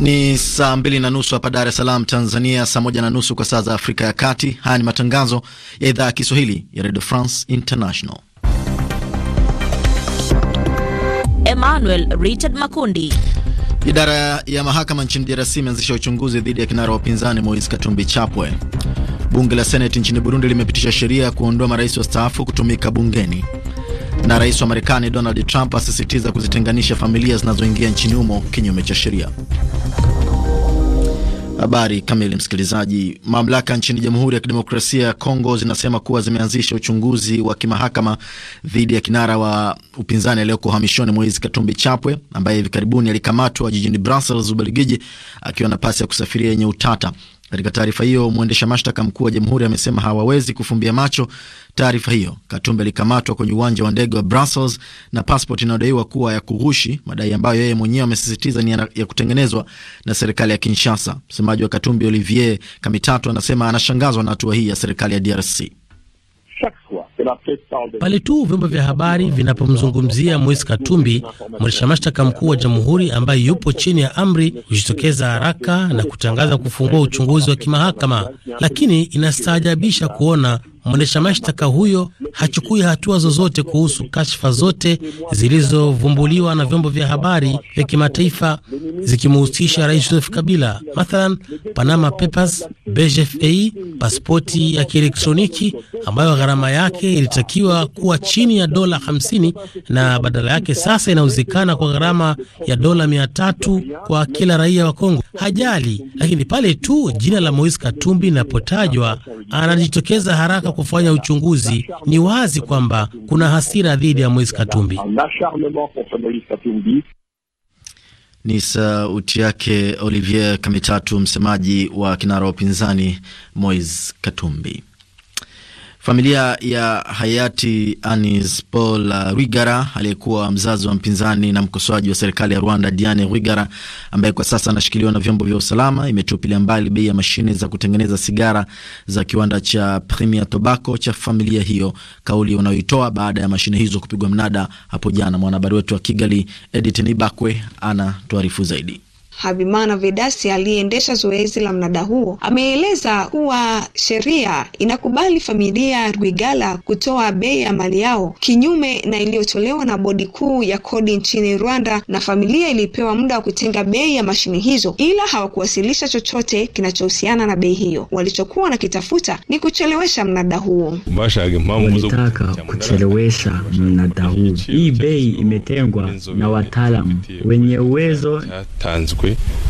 Ni saa mbili na nusu hapa Dar es Salaam, Tanzania, saa moja na nusu kwa saa za Afrika ya Kati. Haya ni matangazo ya idhaa ya Kiswahili ya Radio France International. Emmanuel Richard Makundi. Idara ya mahakama nchini DRC imeanzisha uchunguzi dhidi ya kinara wa upinzani Moise Katumbi Chapwe. Bunge la Seneti nchini Burundi limepitisha sheria ya kuondoa marais wa staafu kutumika bungeni na rais wa Marekani Donald Trump asisitiza kuzitenganisha familia zinazoingia nchini humo kinyume cha sheria. Habari kamili, msikilizaji. Mamlaka nchini Jamhuri ya Kidemokrasia ya Kongo zinasema kuwa zimeanzisha uchunguzi wa kimahakama dhidi ya kinara wa upinzani aliyoko uhamishoni Moise Katumbi Chapwe, ambaye hivi karibuni alikamatwa jijini Brussels, Ubelgiji, akiwa na pasi ya kusafiria yenye utata. Katika taarifa hiyo, mwendesha mashtaka mkuu wa jamhuri amesema hawawezi kufumbia macho taarifa hiyo. Katumbe alikamatwa kwenye uwanja wa ndege wa Brussels na paspot inayodaiwa kuwa ya kughushi, madai ambayo yeye mwenyewe amesisitiza ni ya kutengenezwa na serikali ya Kinshasa. Msemaji wa katumbi Olivier Kamitatu anasema anashangazwa na hatua hii ya serikali ya DRC. Shakwa. Pale tu vyombo vya habari vinapomzungumzia Moise Katumbi, mwendesha mashtaka mkuu wa jamhuri ambaye yupo chini ya amri hujitokeza haraka na kutangaza kufungua uchunguzi wa kimahakama. Lakini inastaajabisha kuona mwendesha mashtaka huyo hachukui hatua zozote kuhusu kashfa zote zilizovumbuliwa na vyombo vya habari vya kimataifa zikimhusisha Rais Joseph Kabila, mathalan Panama Papers, BGFA, pasipoti ya kielektroniki ambayo gharama yake yake ilitakiwa kuwa chini ya dola 50 na badala yake sasa inauzikana kwa gharama ya dola 300 kwa kila raia wa Kongo. Hajali, lakini pale tu jina la Moise Katumbi linapotajwa anajitokeza haraka kufanya uchunguzi. Ni wazi kwamba kuna hasira dhidi ya Moise Katumbi. Ni sauti yake Olivier Kamitatu, msemaji wa kinara wa upinzani Moise Katumbi. Familia ya hayati Anis Paul Rwigara aliyekuwa mzazi wa mpinzani na mkosoaji wa serikali ya Rwanda Diane Rwigara, ambaye kwa sasa anashikiliwa na vyombo vya usalama, imetupilia mbali bei ya mashine za kutengeneza sigara za kiwanda cha Premier Tobacco cha familia hiyo, kauli unayoitoa baada ya mashine hizo kupigwa mnada hapo jana. Mwanahabari wetu wa Kigali Edith Nibakwe ana tuarifu zaidi. Habimana Vedasi aliyeendesha zoezi la mnada huo ameeleza kuwa sheria inakubali familia rwigala kutoa bei ya mali yao kinyume na iliyotolewa na bodi kuu ya kodi nchini Rwanda, na familia ilipewa muda wa kutenga bei ya mashini hizo, ila hawakuwasilisha chochote kinachohusiana na bei hiyo. Walichokuwa na kitafuta ni kuchelewesha mnada huo. Walitaka kuchelewesha mnada huo. Hii bei imetengwa na wataalamu wenye uwezo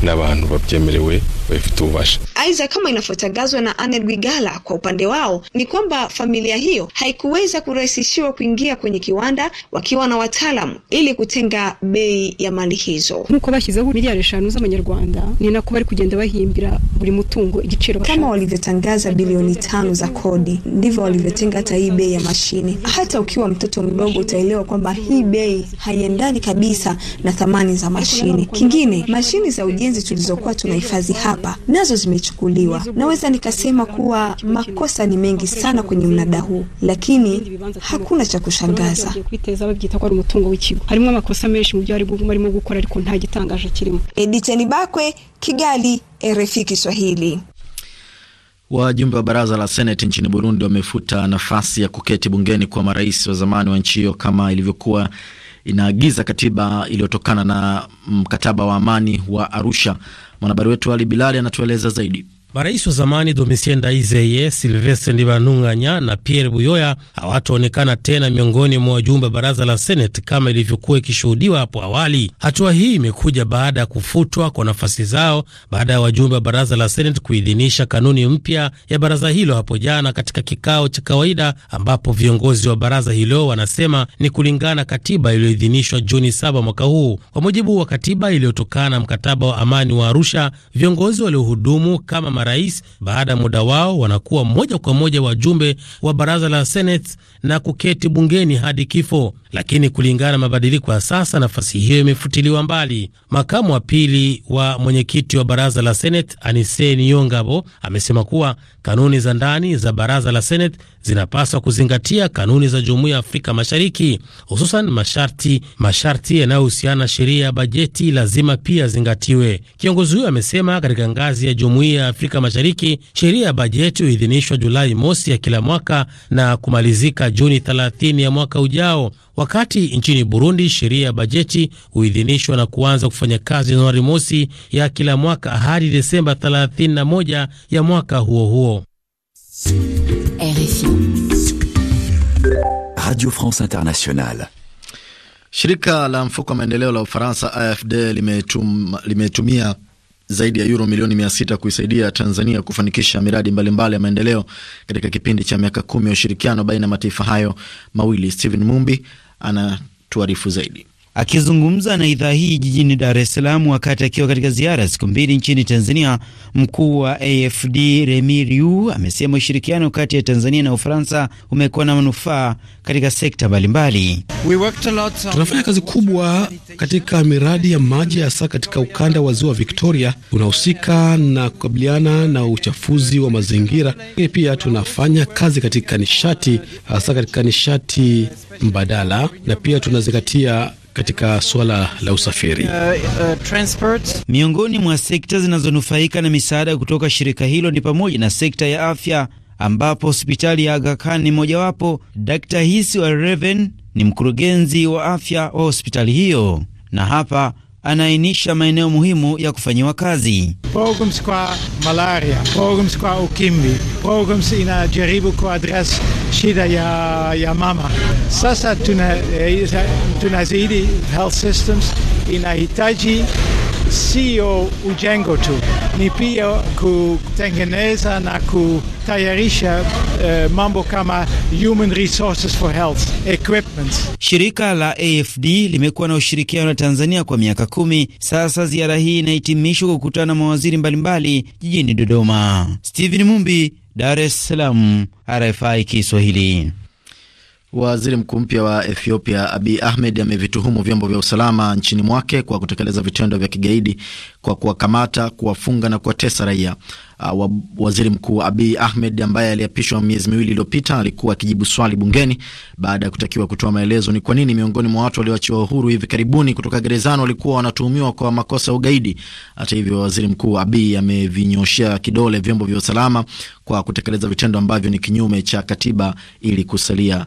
n'abantu babyemerewe bafite ububasha. Aidha, kama inavyotangazwa na ane rwigala kwa upande wao ni kwamba familia hiyo haikuweza kurahisishiwa kuingia kwenye kiwanda wakiwa na wataalamu ili kutenga bei ya mali hizo. Nkuko bashyizeho miliyari eshanu z'amanyarwanda ni nako bari kugenda bahimbira buri mutungo igiciro. Kama walivyotangaza bilioni tano za kodi, ndivyo walivyotenga hata hii bei ya mashine. Hata ukiwa mtoto mdogo utaelewa kwamba hii bei haiendani kabisa na thamani za mashine. Kingine mashine kanuni za ujenzi tulizokuwa tunahifadhi hapa nazo zimechukuliwa. Naweza nikasema kuwa makosa ni mengi sana kwenye mnada huu, lakini hakuna cha kushangaza. Editeni Bakwe, Kigali, RFI Kiswahili. Wajumbe wa baraza la seneti nchini Burundi wamefuta nafasi ya kuketi bungeni kwa marais wa zamani wa nchi hiyo kama ilivyokuwa inaagiza katiba iliyotokana na mkataba wa amani wa Arusha. Mwanahabari wetu Ali Bilali anatueleza zaidi. Marais wa zamani Domitien Daizeye, Silvestre Ndibanunganya na Pierre Buyoya hawataonekana tena miongoni mwa wajumbe wa baraza la Seneti kama ilivyokuwa ikishuhudiwa hapo awali. Hatua hii imekuja baada ya kufutwa kwa nafasi zao baada ya wajumbe wa baraza la Seneti kuidhinisha kanuni mpya ya baraza hilo hapo jana katika kikao cha kawaida, ambapo viongozi wa baraza hilo wanasema ni kulingana katiba iliyoidhinishwa Juni 7 mwaka huu. Kwa mujibu wa katiba iliyotokana na mkataba wa amani wa Arusha, viongozi waliohudumu kama marais, baada ya muda wao wanakuwa moja kwa moja wajumbe wa baraza la Senate na kuketi bungeni hadi kifo. Lakini kulingana na mabadiliko ya sasa, nafasi hiyo imefutiliwa mbali. Makamu wa pili wa mwenyekiti wa baraza la Senate Anise Niyongabo amesema kuwa kanuni za ndani za baraza la Senate zinapaswa kuzingatia kanuni za Jumuiya ya Afrika Mashariki, hususan masharti masharti yanayohusiana na sheria ya bajeti lazima pia zingatiwe. Kiongozi huyo amesema katika ngazi ya Jumuiya ya Afrika Mashariki sheria ya bajeti huidhinishwa Julai mosi ya kila mwaka na kumalizika Juni 30 ya mwaka ujao, wakati nchini Burundi sheria ya bajeti huidhinishwa na kuanza kufanya kazi Januari mosi ya kila mwaka hadi Desemba 31 ya mwaka huo huo. RFI. Radio France Internationale. Shirika la mfuko wa maendeleo la Ufaransa AFD limetum, limetumia zaidi ya euro milioni mia sita kuisaidia Tanzania kufanikisha miradi mbalimbali mbali ya maendeleo katika kipindi cha miaka kumi ya ushirikiano baina ya mataifa hayo mawili. Steven Mumbi anatuarifu zaidi. Akizungumza na idhaa hii jijini Dar es Salaam wakati akiwa katika ziara siku mbili nchini Tanzania, mkuu wa AFD Remi Riu amesema ushirikiano kati ya Tanzania na Ufaransa umekuwa na manufaa katika sekta mbalimbali. Tunafanya kazi kubwa katika miradi ya maji, hasa katika ukanda wa ziwa Victoria unahusika na kukabiliana na uchafuzi wa mazingira, lakini pia tunafanya kazi katika nishati, hasa katika nishati mbadala, na pia tunazingatia katika suala la usafiri. Uh, uh, miongoni mwa sekta zinazonufaika na misaada kutoka shirika hilo ni pamoja na sekta ya afya ambapo hospitali ya Aga Khan ni mojawapo. Dkt. Hisi wa Reven ni mkurugenzi wa afya wa hospitali hiyo, na hapa anaainisha maeneo muhimu ya kufanyiwa kazi. Programs kwa malaria, programs kwa ukimbi, programs in a Jeribu ko address shida ya, ya mama. Sasa tuna, eh, tunazidi health systems inahitaji sio e ujengo tu, ni pia kutengeneza na kutayarisha uh, eh, mambo kama human resources for health equipment. Shirika la AFD limekuwa na ushirikiano na Tanzania kwa miaka kumi sasa. Ziara hii inahitimishwa kukutana na mawaziri mbalimbali jijini Dodoma. Steven Mumbi, Dar es Salaam, RFI Kiswahili. Waziri mkuu mpya wa Ethiopia Abi Ahmed amevituhumu vyombo vya usalama nchini mwake kwa kutekeleza vitendo vya kigaidi kwa kuwakamata, kuwafunga na kuwatesa raia. Ah, wa, waziri mkuu Abi Ahmed ambaye aliapishwa miezi miwili iliyopita alikuwa akijibu swali bungeni baada ya kutakiwa kutoa maelezo ni kwa nini miongoni mwa watu walioachiwa uhuru hivi karibuni kutoka gerezani walikuwa wanatuhumiwa kwa makosa ya ugaidi. Hata hivyo, waziri mkuu Abiy amevinyoshea kidole vyombo vya usalama kwa kutekeleza vitendo ambavyo ni kinyume cha katiba ili kusalia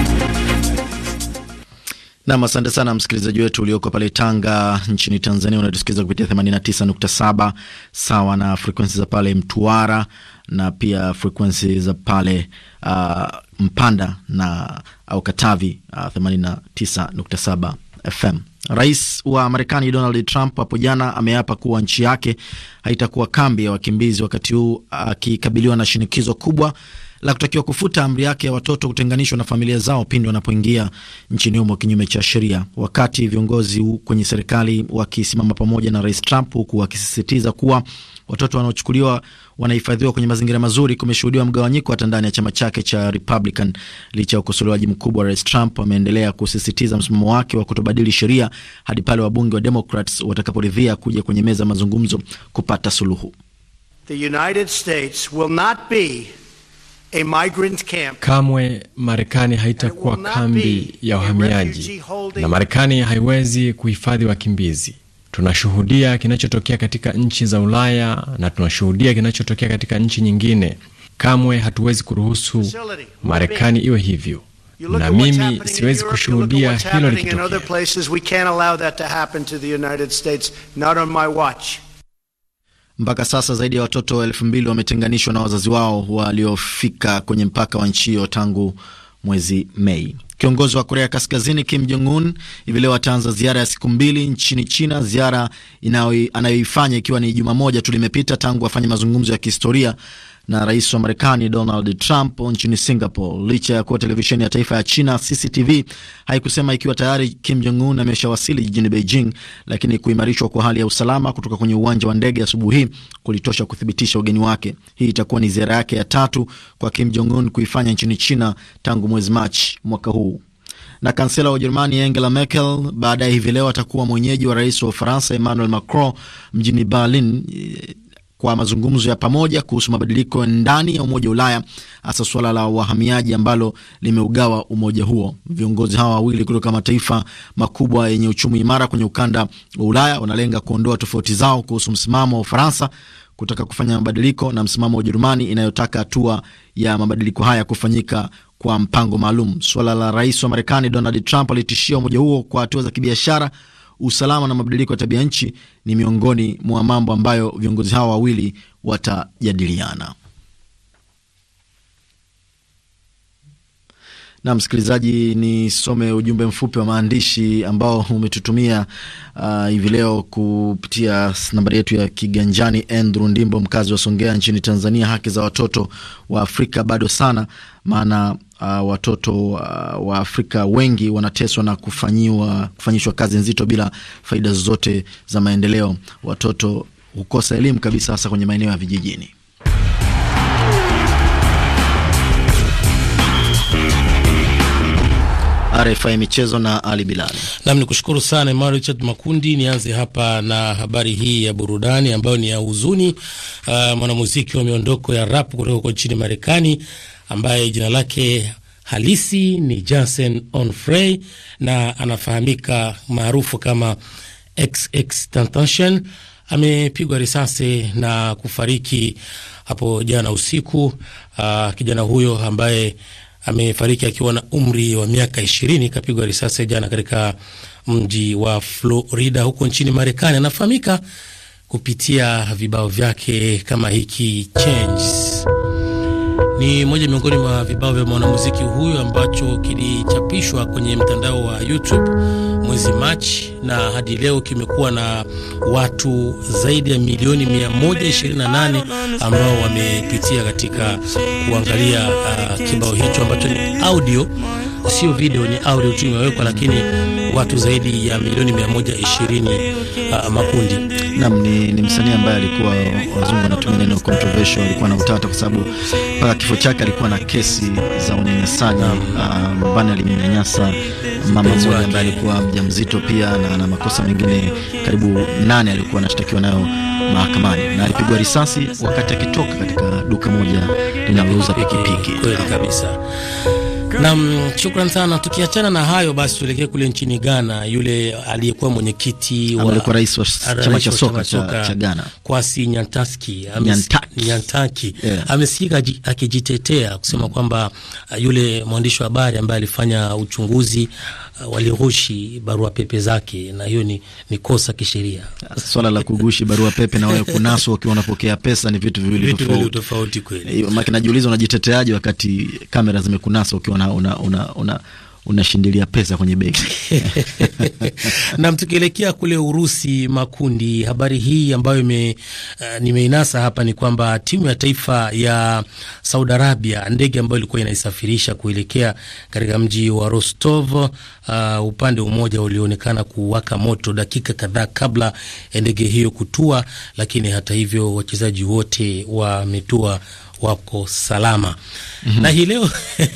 Nam, asante sana msikilizaji wetu ulioko pale Tanga nchini Tanzania, unatusikiliza kupitia 89.7 sawa na frekwensi za pale Mtwara na pia frekwensi za pale uh, Mpanda na uh, au Katavi uh, 89.7 FM. Rais wa Marekani Donald Trump hapo jana ameapa kuwa nchi yake haitakuwa kambi ya wakimbizi, wakati huu akikabiliwa uh, na shinikizo kubwa la kutakiwa kufuta amri yake ya watoto kutenganishwa na familia zao pindi wanapoingia nchini humo kinyume cha sheria, wakati viongozi kwenye serikali wakisimama pamoja na Rais Trump huku wakisisitiza kuwa watoto wanaochukuliwa wanahifadhiwa kwenye mazingira mazuri. Kumeshuhudiwa mgawanyiko hata ndani ya chama chake cha Republican. Licha ya ukosolewaji mkubwa, Rais Trump ameendelea kusisitiza msimamo wake wa kutobadili sheria hadi pale wabunge wa Democrats watakaporidhia kuja kwenye meza mazungumzo kupata suluhu. The United States will not be Kamwe Marekani haitakuwa kambi ya wahamiaji na Marekani haiwezi kuhifadhi wakimbizi. Tunashuhudia kinachotokea katika nchi za Ulaya na tunashuhudia kinachotokea katika nchi nyingine. Kamwe hatuwezi kuruhusu Marekani iwe hivyo, na mimi siwezi kushuhudia hilo likitokea. Mpaka sasa zaidi ya watoto elfu mbili wametenganishwa na wazazi wao waliofika kwenye mpaka wa nchi hiyo tangu mwezi Mei. Kiongozi wa Korea Kaskazini Kim Jong Un hivi leo ataanza ziara ya siku mbili nchini China, ziara anayoifanya ikiwa ni juma moja tu limepita tangu afanye mazungumzo ya kihistoria na rais wa Marekani Donald Trump nchini Singapore, licha ya kuwa televisheni ya taifa ya China CCTV haikusema ikiwa tayari Kim Jong Un ameshawasili jijini Beijing, lakini kuimarishwa kwa hali ya usalama kutoka kwenye uwanja wa ndege asubuhi hii kulitosha kuthibitisha ugeni wake. Hii itakuwa ni ziara yake ya tatu kwa Kim Jong Un kuifanya nchini China tangu mwezi Machi mwaka huu na kansela wa Ujerumani Angela Merkel baadaye hivi leo atakuwa mwenyeji wa rais wa Ufaransa Emmanuel Macron mjini Berlin kwa mazungumzo ya pamoja kuhusu mabadiliko ndani ya Umoja wa Ulaya, hasa suala la wahamiaji ambalo limeugawa umoja huo. Viongozi hawa wawili kutoka mataifa makubwa yenye uchumi imara kwenye ukanda wa Ulaya wanalenga kuondoa tofauti zao kuhusu msimamo wa Ufaransa kutaka kufanya mabadiliko na msimamo wa Ujerumani inayotaka hatua ya mabadiliko haya kufanyika kwa mpango maalum. Suala la rais wa Marekani Donald Trump alitishia umoja huo kwa hatua za kibiashara usalama na mabadiliko ya tabia nchi ni miongoni mwa mambo ambayo viongozi hao wawili watajadiliana. Na msikilizaji, nisome ujumbe mfupi wa maandishi ambao umetutumia uh, leo kupitia nambari yetu ya kiganjani. Andrew Ndimbo, mkazi wa Songea nchini Tanzania: haki za watoto wa Afrika bado sana maana uh, watoto uh, wa Afrika wengi wanateswa na kufanyiwa, kufanyishwa kazi nzito bila faida zozote za maendeleo. Watoto hukosa elimu kabisa, hasa kwenye maeneo ya vijijini. RFI michezo na Ali Bilal. Nam ni kushukuru sana Emmanuel Richard Makundi. Nianze hapa na habari hii ya burudani ambayo ni ya huzuni. Uh, mwanamuziki wa miondoko ya rap kutoka huko nchini Marekani ambaye jina lake halisi ni Jansen Onfrey na anafahamika maarufu kama XXXTentacion amepigwa risasi na kufariki hapo jana usiku. Aa, ah, kijana huyo ambaye amefariki akiwa na umri wa miaka ishirini kapigwa risasi jana katika mji wa Florida huko nchini Marekani. Anafahamika kupitia vibao vyake kama hiki Changes ni moja miongoni mwa vibao vya mwanamuziki huyo ambacho kilichapishwa kwenye mtandao wa YouTube mwezi Machi na hadi leo kimekuwa na watu zaidi ya milioni 128 ambao wamepitia katika kuangalia uh, kibao hicho ambacho ni audio, sio video, ni audio tu imewekwa, lakini watu zaidi ya milioni 120 uh, makundi. Naam, ni, ni msanii ambaye alikuwa wazungu wanatumia neno controversial, alikuwa utata kwa sababu mpaka uh, kifo chake alikuwa na kesi za unyanyasaji uh, mbana. Uh, alimnyanyasa mama mmoja ambaye alikuwa mjamzito pia na, na makosa mengine karibu nane alikuwa anashtakiwa nayo mahakamani na alipigwa risasi wakati akitoka katika duka moja linalouza pikipiki. Kweli kabisa. Nam, shukran sana. Tukiachana na hayo basi, tuelekee kule nchini Ghana. Yule aliyekuwa mwenyekiti wa rais wa chama cha soka cha Ghana Kwasi Nyantaski Nyantaki amesikika akijitetea kusema kwamba uh, yule mwandishi wa habari ambaye alifanya uchunguzi Uh, walirushi barua pepe zake, na hiyo ni, ni kosa kisheria. Swala la kugushi barua pepe na wewe kunaswa ukiwa unapokea pesa ni vitu viwili tofauti, kweli. Eh, najiuliza unajiteteaje wakati kamera zimekunaswa ukiwa una, una, una, una unashindilia pesa kwenye benki nam. Tukielekea kule Urusi, makundi habari hii ambayo ime, uh, nimeinasa hapa ni kwamba timu ya taifa ya Saudi Arabia, ndege ambayo ilikuwa inaisafirisha kuelekea katika mji wa Rostov, uh, upande umoja ulioonekana kuwaka moto dakika kadhaa kabla ya ndege hiyo kutua, lakini hata hivyo wachezaji wote wametua wako salama mm -hmm. Na hii leo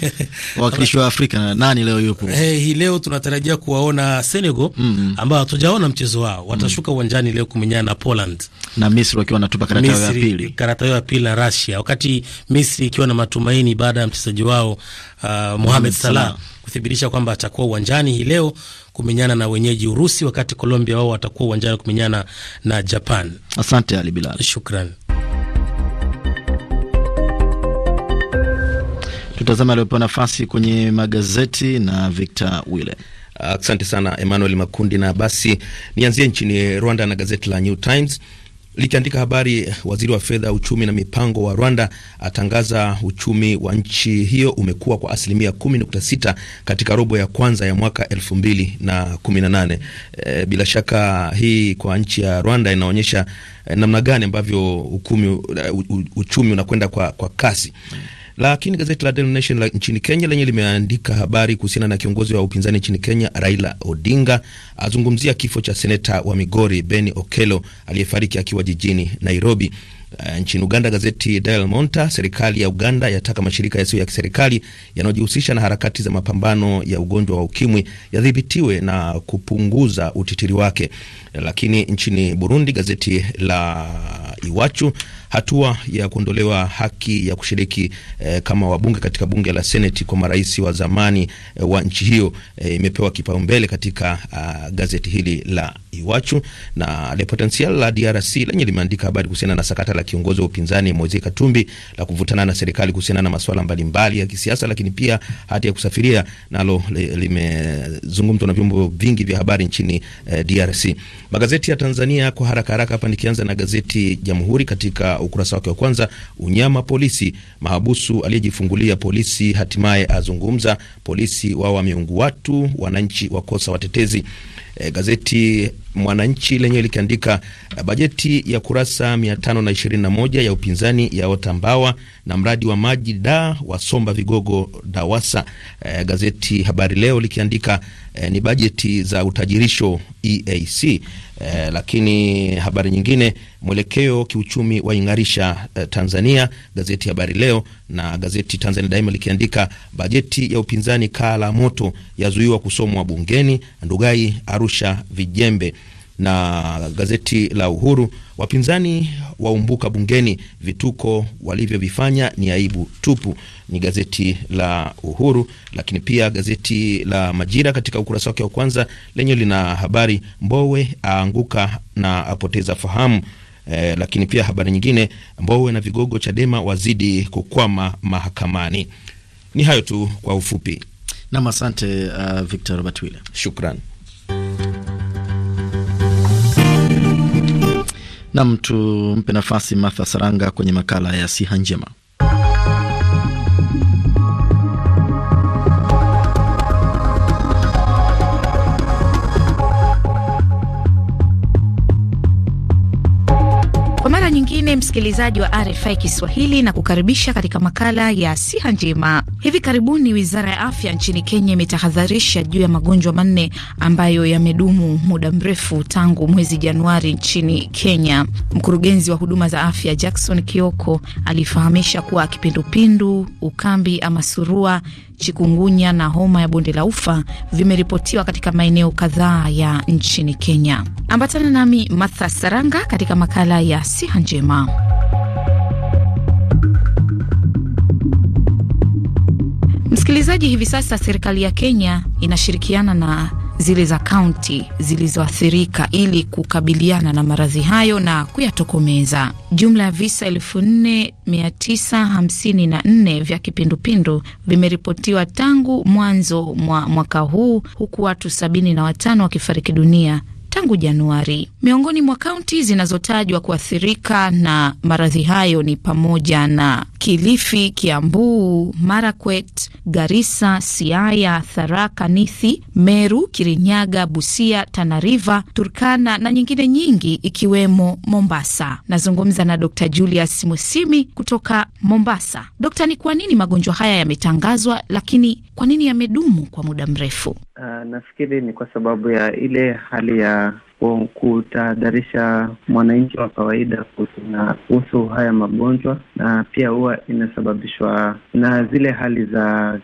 wawakilishi wa Afrika nani leo yupo? Hey, eh, hii leo tunatarajia kuwaona Senegal mm -hmm. ambao hatujaona mchezo wao, mhm. watashuka uwanjani mm -hmm. leo kumenyana na Poland na Misri wakiwa wanatupa karata yao ya pili, karata yao ya pili na Russia, wakati Misri ikiwa na matumaini baada ya mchezaji wao uh, Mohamed Salah kuthibitisha kwamba atakuwa uwanjani hii leo kumenyana na wenyeji Urusi, wakati Colombia wao watakuwa uwanjani kumenyana na Japan. Asante Ali Bilal, shukrani. Tutazame aliopewa nafasi kwenye magazeti na Victor Wile. Asante sana Emmanuel Makundi, na basi nianzie nchini Rwanda na gazeti la New Times likiandika habari, waziri wa fedha, uchumi na mipango wa Rwanda atangaza uchumi wa nchi hiyo umekuwa kwa asilimia 10.6 katika robo ya kwanza ya mwaka 2018. E, bila shaka hii kwa nchi ya Rwanda inaonyesha e, namna gani ambavyo e, uchumi unakwenda kwa, kwa kasi. Lakini gazeti la Daily Nation la nchini Kenya lenye limeandika habari kuhusiana na kiongozi wa upinzani nchini Kenya Raila Odinga azungumzia kifo cha seneta wa Migori Beni Okello aliyefariki akiwa jijini Nairobi. Eh, nchini Uganda gazeti Daily Monitor, serikali ya Uganda yataka mashirika yasiyo ya kiserikali yanayojihusisha na harakati za mapambano ya ugonjwa wa ukimwi yadhibitiwe na kupunguza utitiri wake. Lakini nchini Burundi gazeti la Iwachu hatua ya kuondolewa haki ya kushiriki eh, kama wabunge katika bunge la seneti kwa marais wa zamani eh, wa nchi hiyo eh, imepewa kipaumbele katika uh, gazeti hili la Iwachu na Le Potentiel la DRC lenye limeandika habari kuhusiana na sakata la kiongozi wa upinzani Moise Katumbi la kuvutana na serikali kuhusiana na masuala mbalimbali ya kisiasa, lakini pia hati ya kusafiria nalo limezungumzwa na vyombo vingi vya habari nchini eh, DRC. Magazeti ya Tanzania kwa haraka haraka hapa, nikianza na gazeti Jamhuri. Katika ukurasa wake wa kwanza, unyama polisi, mahabusu aliyejifungulia polisi hatimaye azungumza, polisi wawa miungu watu, wananchi wakosa watetezi eh, gazeti Mwananchi lenyewe likiandika eh, bajeti ya kurasa 521 ya upinzani ya otambawa na mradi wa maji da wasomba vigogo DAWASA. Eh, gazeti Habari Leo likiandika eh, ni bajeti za utajirisho EAC eh, lakini habari nyingine, mwelekeo kiuchumi waing'arisha eh, Tanzania. Gazeti Habari Leo na gazeti Tanzania Daima likiandika bajeti ya upinzani kaa la moto yazuiwa kusomwa bungeni, Ndugai arusha vijembe na gazeti la Uhuru, wapinzani waumbuka bungeni, vituko walivyovifanya ni aibu tupu, ni gazeti la Uhuru. Lakini pia gazeti la Majira katika ukurasa wake wa kwanza lenye lina habari Mbowe aanguka na apoteza fahamu. Eh, lakini pia habari nyingine, Mbowe na vigogo Chadema wazidi kukwama mahakamani. Ni hayo tu kwa ufupi. Nam, asante uh, Victor Robert Wille, shukran. Nam, tumpe nafasi Martha Saranga kwenye makala ya siha njema. nyingine msikilizaji wa RFI Kiswahili na kukaribisha katika makala ya siha njema. Hivi karibuni wizara ya afya nchini Kenya imetahadharisha juu ya magonjwa manne ambayo yamedumu muda mrefu tangu mwezi Januari nchini Kenya. Mkurugenzi wa huduma za afya Jackson Kioko alifahamisha kuwa kipindupindu, ukambi ama surua, chikungunya na homa ya bonde la ufa vimeripotiwa katika maeneo kadhaa ya nchini Kenya. Ambatana nami Martha Saranga katika makala ya siha njema. Msikilizaji, hivi sasa serikali ya Kenya inashirikiana na zile za kaunti zilizoathirika ili kukabiliana na maradhi hayo na kuyatokomeza. Jumla ya visa 4954 vya kipindupindu vimeripotiwa tangu mwanzo mwa mwaka huu huku watu 75 wakifariki dunia tangu Januari. Miongoni mwa kaunti zinazotajwa kuathirika na maradhi hayo ni pamoja na Kilifi, Kiambu, Marakwet, garisa Siaya, Tharaka Nithi, Meru, Kirinyaga, Busia, Tanariva, Turkana na nyingine nyingi ikiwemo Mombasa. Nazungumza na Dr Julius Musimi kutoka Mombasa. Dokta, ni kwa nini magonjwa haya yametangazwa, lakini kwa nini yamedumu kwa muda mrefu? Uh, nafikiri ni kwa sababu ya ile hali ya kutahadharisha mwananchi wa kawaida kuhusu haya magonjwa na pia huwa inasababishwa na zile hali za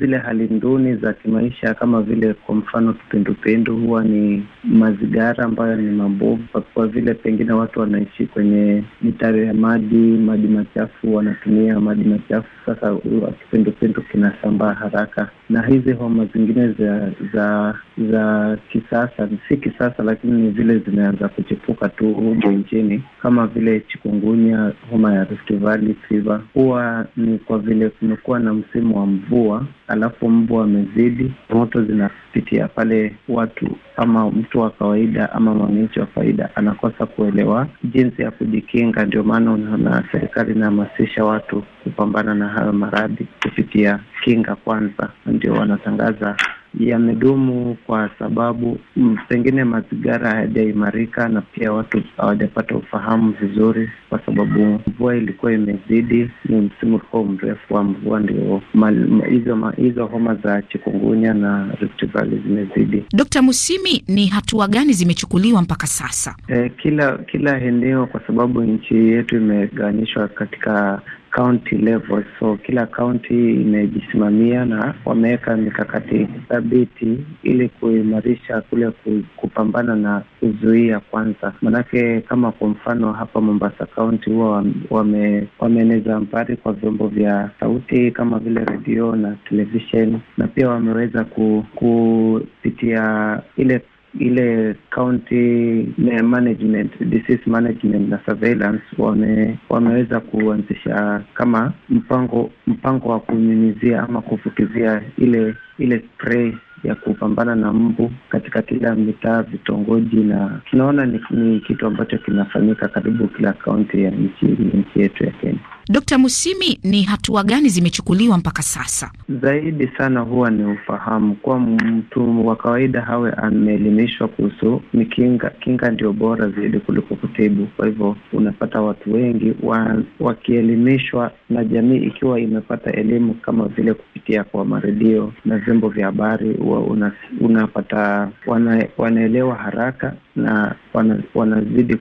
zile hali nduni za kimaisha, kama vile kwa mfano kipindupindu huwa ni mazigara ambayo ni mabovu, kwa vile pengine watu wanaishi kwenye mitaro ya maji, maji machafu, wanatumia maji machafu. Sasa kipindupindu kinasambaa haraka, na hizi homa zingine za za za kisasa, si kisasa, lakini ni zile zimeanza kuchipuka tu humu nchini, kama vile chikungunya, homa ya festivali Valley huwa ni kwa vile kumekuwa na msimu wa mvua, alafu mvua amezidi, moto zinapitia pale, watu ama mtu wa kawaida ama mwananchi wa kawaida anakosa kuelewa jinsi ya kujikinga. Ndio maana unaona serikali inahamasisha watu kupambana na hayo maradhi kupitia kinga kwanza, ndio wanatangaza yamedumu kwa sababu mm, pengine mazingira hayajaimarika na pia watu hawajapata ufahamu vizuri, kwa sababu mvua ilikuwa imezidi, ni msimu ulikuwa mrefu wa mvua, ndio hizo ma, homa za chikungunya na Rift Valley zimezidi. Dkt. Musimi, ni hatua gani zimechukuliwa mpaka sasa? Eh, kila kila eneo, kwa sababu nchi yetu imegawanyishwa katika county level. So kila kaunti imejisimamia na wameweka mikakati thabiti ili kuimarisha kule kupambana na kuzuia kwanza, manake kama kwa mfano hapa Mombasa kaunti huwa wame, wameeneza habari kwa vyombo vya sauti kama vile redio na televisheni na pia wameweza kupitia ile ile county management, disease management na surveillance wame, wameweza kuanzisha kama mpango mpango wa kunyunyizia ama kufukizia ile ile spray ya kupambana na mbu katika kila mitaa, vitongoji, na tunaona ni, ni kitu ambacho kinafanyika karibu kila kaunti ya nchi yetu ya Kenya. Dkt. Musimi, ni hatua gani zimechukuliwa mpaka sasa? Zaidi sana huwa ni ufahamu kwa mtu wa kawaida, hawe ameelimishwa kuhusu ni kinga. Kinga ndio bora zaidi kuliko kutibu. Kwa hivyo unapata watu wengi wa, wakielimishwa na jamii ikiwa imepata elimu kama vile kupitia kwa maredio na vyombo vya habari, una, unapata wana, wanaelewa haraka na wana, wanazidi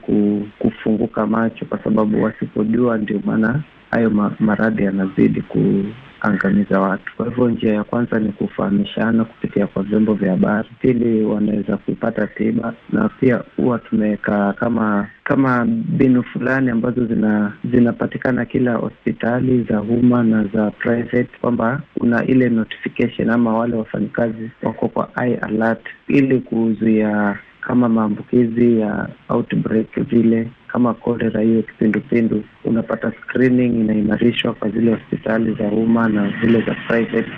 kufunguka macho, kwa sababu wasipojua, ndio maana hayo maradhi yanazidi kuangamiza watu. Kwa hivyo njia ya kwanza ni kufahamishana kupitia kwa vyombo vya habari. Pili, wanaweza kupata tiba, na pia huwa tumeweka kama kama mbinu fulani ambazo zina zinapatikana kila hospitali za umma na za private, kwamba kuna ile notification ama wale wafanyikazi wako kwa alert ili kuzuia kama maambukizi ya outbreak vile kama kolera, hiyo kipindupindu, unapata screening inaimarishwa kwa zile hospitali za umma na zile za private.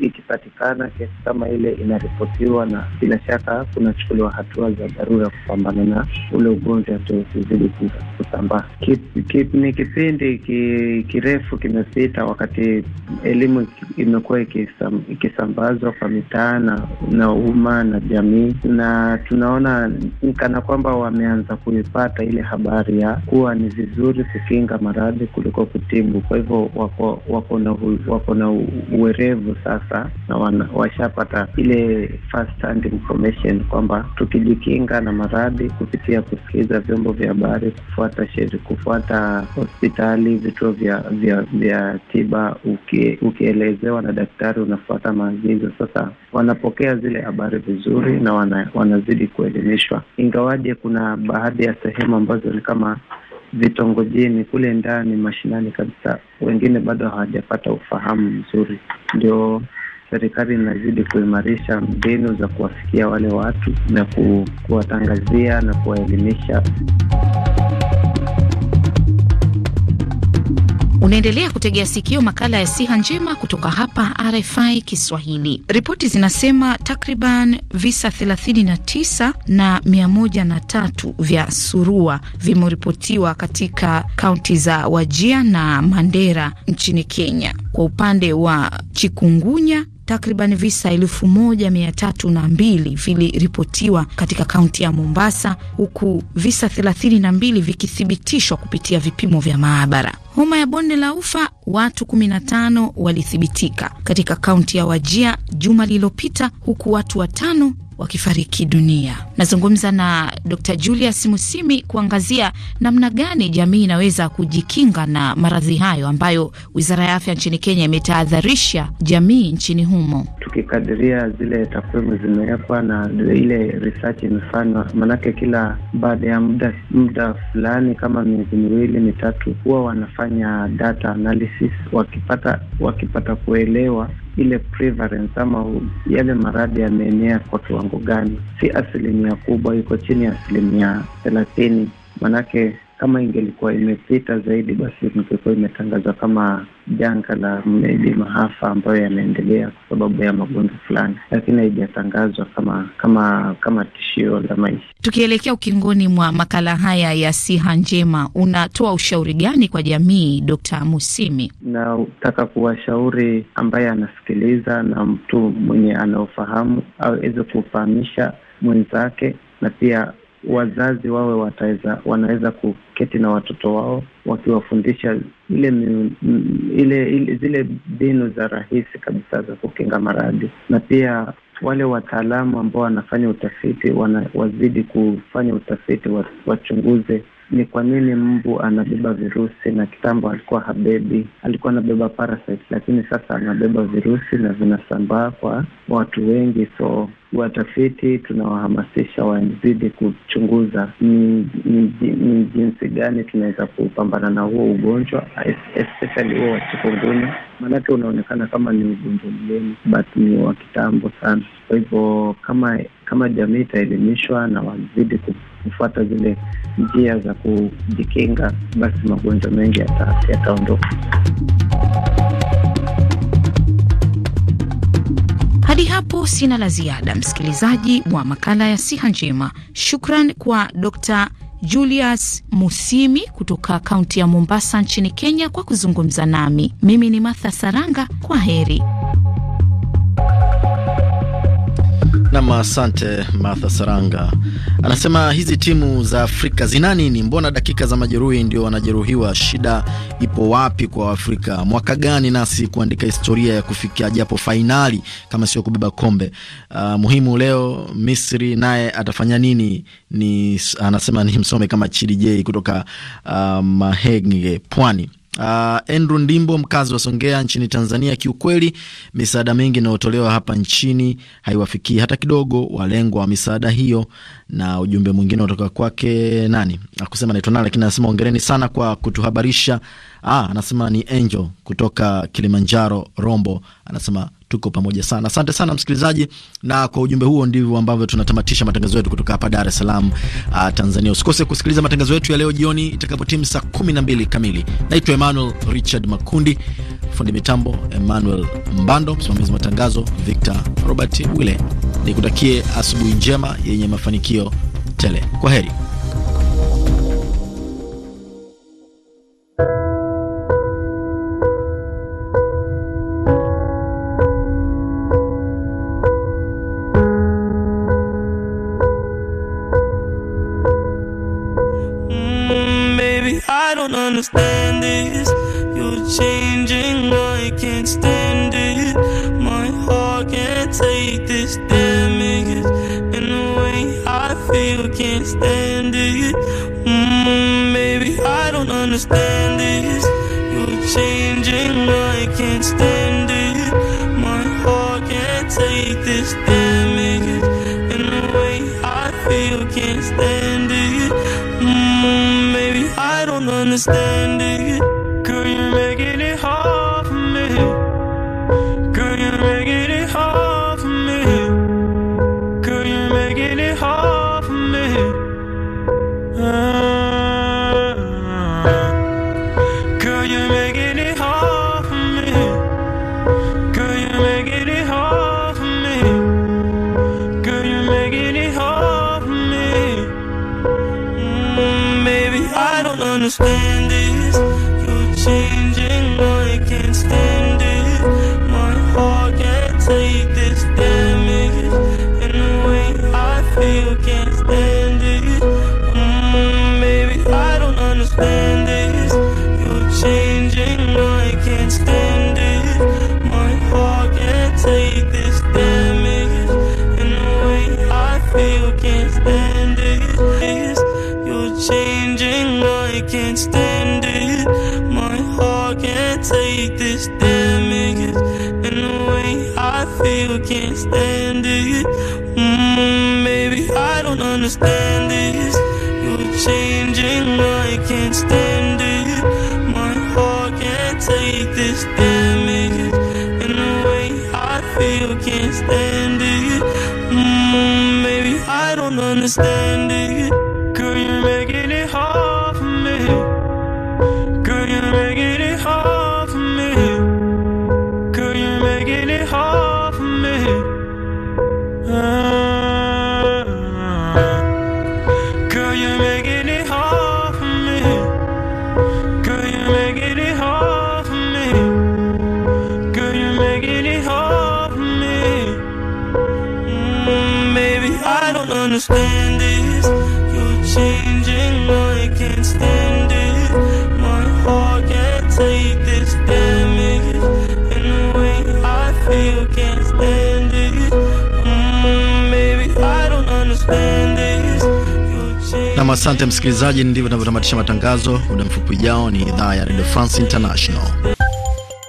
Ikipatikana kesi kama ile inaripotiwa, na bila shaka kunachukuliwa hatua za dharura kupambana na ule ugonjwa usizidi kusambaa. Ni kipindi kirefu kimepita, wakati elimu imekuwa ikisambazwa kwa mitaa na umma na jamii, na tunaona kana kwamba wameanza kuipata ile habari ya kuwa ni vizuri kukinga maradhi kuliko kutibu. Kwa hivyo wako wako na wako na uwerevu sasa, na washapata ile first hand information kwamba tukijikinga na maradhi kupitia kusikiza vyombo vya habari, kufuata sheri, kufuata hospitali, vituo vya vya vya tiba, ukielezewa na daktari unafuata maagizo. Sasa wanapokea zile habari vizuri na wana, wanazidi kuelimishwa, ingawaje kuna baadhi ya sehemu ambazo ambazo ni kama vitongojini kule ndani mashinani kabisa, wengine bado hawajapata ufahamu mzuri. Ndio serikali inazidi kuimarisha mbinu za kuwafikia wale watu na kuwatangazia na kuwaelimisha. Unaendelea kutegea sikio makala ya siha njema kutoka hapa RFI Kiswahili. Ripoti zinasema takriban visa 39 na 103 vya surua vimeripotiwa katika kaunti za Wajia na Mandera nchini Kenya. Kwa upande wa chikungunya takriban visa elfu moja mia tatu na mbili viliripotiwa katika kaunti ya Mombasa, huku visa thelathini na mbili vikithibitishwa kupitia vipimo vya maabara. Homa ya bonde la ufa, watu 15 walithibitika katika kaunti ya Wajia juma lililopita, huku watu watano wakifariki dunia. Nazungumza na Dr. Julius Musimi kuangazia namna gani jamii inaweza kujikinga na maradhi hayo ambayo Wizara ya Afya nchini Kenya imetahadharisha jamii nchini humo. Tukikadiria zile takwimu zimewekwa na ile research imefanywa, maanake kila baada ya muda muda fulani kama miezi miwili mitatu, huwa wanafanya data analysis, wakipata wakipata kuelewa ile prevalence ama yale maradhi yameenea kwa kiwango gani. Si asilimia kubwa, iko chini ya asilimia thelathini, manake kama ingelikuwa imepita zaidi, basi ingekuwa imetangazwa kama janga la maybe maafa ambayo yanaendelea kwa sababu ya magonjwa fulani, lakini haijatangazwa kama kama kama tishio la maisha. Tukielekea ukingoni mwa makala haya ya siha njema, unatoa ushauri gani kwa jamii, d Musimi? Nataka kuwashauri ambaye anasikiliza na mtu mwenye anaofahamu aweze kufahamisha mwenzake na pia wazazi wawe wataweza, wanaweza kuketi na watoto wao wakiwafundisha ile, ile, ile zile mbinu za rahisi kabisa za kukinga maradhi na pia wale wataalamu ambao wanafanya utafiti wana, wazidi kufanya utafiti wachunguze ni kwa nini mbu anabeba virusi na kitambo alikuwa habebi, alikuwa anabeba parasite, lakini sasa anabeba virusi na vinasambaa kwa watu wengi. So watafiti tunawahamasisha wazidi kuchunguza ni, ni, ni jinsi gani tunaweza kupambana na huo ugonjwa especially huo wa chikungunya, maanake unaonekana kama ni ugonjwa mgeni but ni wa kitambo sana. Kwa hivyo kama kama jamii itaelimishwa na wazidi kufuata zile njia za kujikinga, basi magonjwa mengi yataondoka yata Hadi hapo sina la ziada, msikilizaji wa makala ya siha njema. Shukran kwa Dr Julius Musimi kutoka kaunti ya Mombasa nchini Kenya kwa kuzungumza nami. Mimi ni Martha Saranga, kwa heri. Nam, asante Martha Saranga. Anasema hizi timu za Afrika zina nini? Mbona dakika za majeruhi ndio wanajeruhiwa? Shida ipo wapi kwa afrika Mwaka gani nasi kuandika historia ya kufikia japo fainali kama sio kubeba kombe? Uh, muhimu leo Misri naye atafanya nini? Ni anasema ni msome kama Chidi J kutoka uh, Mahenge Pwani. Uh, Andrew Ndimbo mkazi wa Songea nchini Tanzania, kiukweli misaada mingi inayotolewa hapa nchini haiwafikii hata kidogo walengwa wa misaada hiyo. Na ujumbe mwingine kutoka kwake nani akusema naitwa nani, lakini anasema ongereni sana kwa kutuhabarisha. Ah, anasema ni Angel kutoka Kilimanjaro Rombo, anasema tuko pamoja sana. Asante sana msikilizaji, na kwa ujumbe huo ndivyo ambavyo tunatamatisha matangazo yetu kutoka hapa Dar es Salaam, uh, Tanzania. Usikose kusikiliza matangazo yetu ya leo jioni itakapotimu saa 12 kamili. Naitwa Emmanuel Richard Makundi, fundi mitambo Emmanuel Mbando, msimamizi matangazo Victor Robert ni Nikutakie asubuhi njema yenye mafanikio tele. Kwa heri. I don't understand this. You're changing, I can't stand it. My heart can't take this damage. And the way I feel, can't stand it. Mm, I don't understand this. You're changing, I can't stand it. Standing. understand it can't stand it. Mm, maybe I don't understand this. You're changing, I can't stand it. My heart can't take this damage. And the way I feel, can't stand it. Mm, maybe I don't understand it. Nam, asante msikilizaji, ndivyo tunavyotamatisha matangazo. Muda mfupi ujao ni idhaa ya Radio France International.